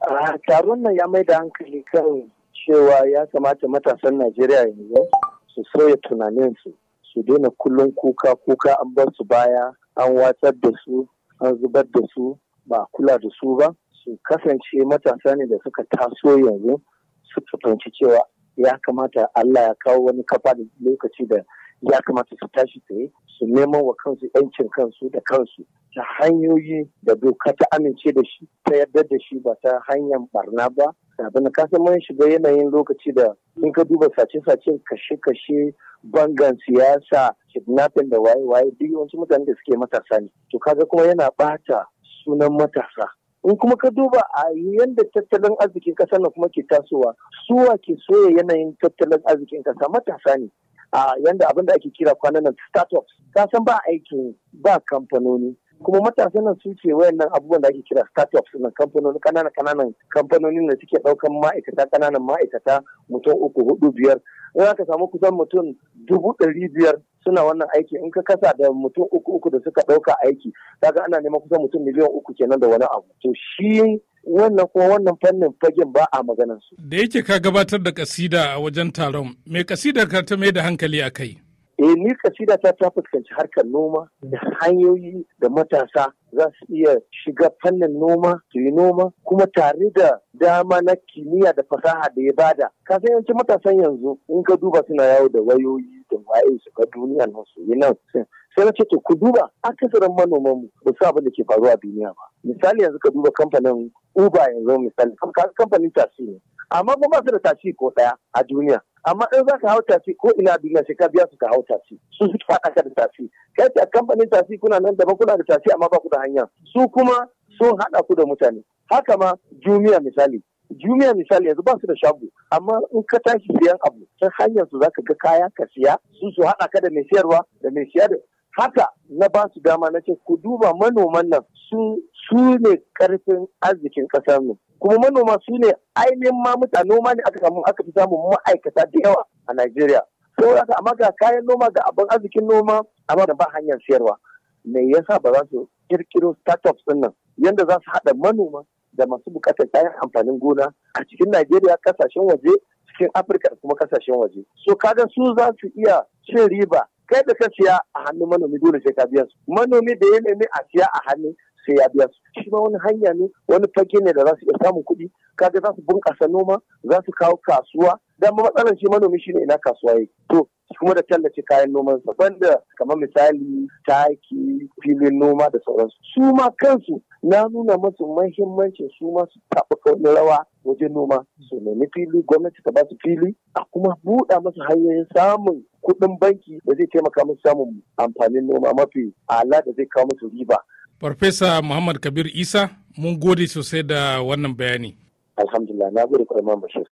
Ah, taron nan ya mai da hankali kan cewa ya kamata matasan najeriya yanzu su sauya tunaninsu su daina kullum kuka kuka an bar su baya an watsar da su an zubar da su ba kula da su ba su kasance matasa ne da suka taso yanzu suka fahimci cewa ya kamata allah ya kawo wani kafa da lokaci da ya kamata su tashi tsaye su neman wa kansu yancin kansu da kansu ta hanyoyi da doka ta amince da shi ta yarda da shi ba ta hanyar barna ba abin ka san mun shiga yanayin lokaci da in ka duba sace sace kashe-kashe bangan siyasa kidnapping da waye-waye duk wasu mutane da suke matasa ne to kaga kuma yana bata sunan matasa in kuma ka duba a yadda tattalin arzikin kasar na kuma ke tasowa suwa ke soya yanayin tattalin arzikin kasa matasa ne a yanda abin da ake kira kwanan nan startups ka san ba aikin ba kamfanoni kuma matasan nan suke wayannan abubuwan da ake kira startups na kamfanoni kananan kananan kamfanoni da suke daukan ma'aikata kananan ma'aikata mutum uku hudu biyar in aka samu kusan mutum dubu ɗari biyar suna wannan aiki in ka kasa da mutum uku uku da suka ɗauka aiki kaga ana neman kusan mutum miliyan uku kenan da wani abu to shi wannan kuma wannan fannin fagen ba a maganar su. Da yake ka gabatar da kasida a wajen taron, me kasida ka ta mai da hankali a kai? Eh ni kasida ta ta fuskanci harkar noma da hanyoyi da matasa za su iya shiga fannin noma su yi noma kuma tare da dama na kimiyya da fasaha da ya bada. kasan yawancin matasan yanzu in ka duba suna yawo da wayoyi da waye su ka duniya nan su yi nan. sai na ce to ku duba akasarin manoman mu ba su abin da ke faruwa a duniya ba misali yanzu ka duba kamfanin uber yanzu misali kamfanin tashi ne amma ba su da tashi ko daya a duniya amma in za ka hau tashi ko ina duniya sai ka biya su ka hau tashi su su ta da tashi kai a kamfanin tashi kuna nan daban kuna da tashi amma ba ku da hanya su kuma sun haɗa ku da mutane haka ma jumiya misali jumiya misali yanzu ba su da shago amma in ka tashi siyan abu ta hanyar su za ka ga kaya ka siya su su haɗa ka da mai siyarwa da mai siya haka na ba su dama na ce ku duba manoman nan sun su ne karfin arzikin ƙasar mu kuma manoma su ne ainihin ma mutane noma ne aka samu aka fi samun ma'aikata da yawa a Najeriya saboda haka amma ga kayan noma ga abin arzikin noma amma da ba hanyar siyarwa me yasa ba za su kirkiro startups din nan yanda za su haɗa manoma da masu buƙatar kayan amfanin gona a cikin Najeriya ƙasashen waje cikin Afirka da kuma ƙasashen waje so kaga su za su iya cin riba kai da ka siya a hannun manomi dole sai ka biya su manomi da ya nemi a siya a hannu sai ya biya su shi ma wani hanya ne wani fage ne da za su iya samun kuɗi kaga za su bunƙasa noma za su kawo kasuwa dan matsalar shi manomi shine ina kasuwa yake to kuma da tallace kayan nomansa banda kamar misali taki filin noma da sauransu su ma kansu na nuna masu mahimmancin su ma su taɓa rawa wajen noma su nemi fili gwamnati ta ba su fili a kuma buɗa masu hanyoyin samun kuɗin banki da zai taimaka musu samun amfanin noma mafi ala da zai kawo musu riba Farfesa Muhammad Kabir Isa mun gode sosai da wannan bayani. Alhamdulillah na gode Bashir.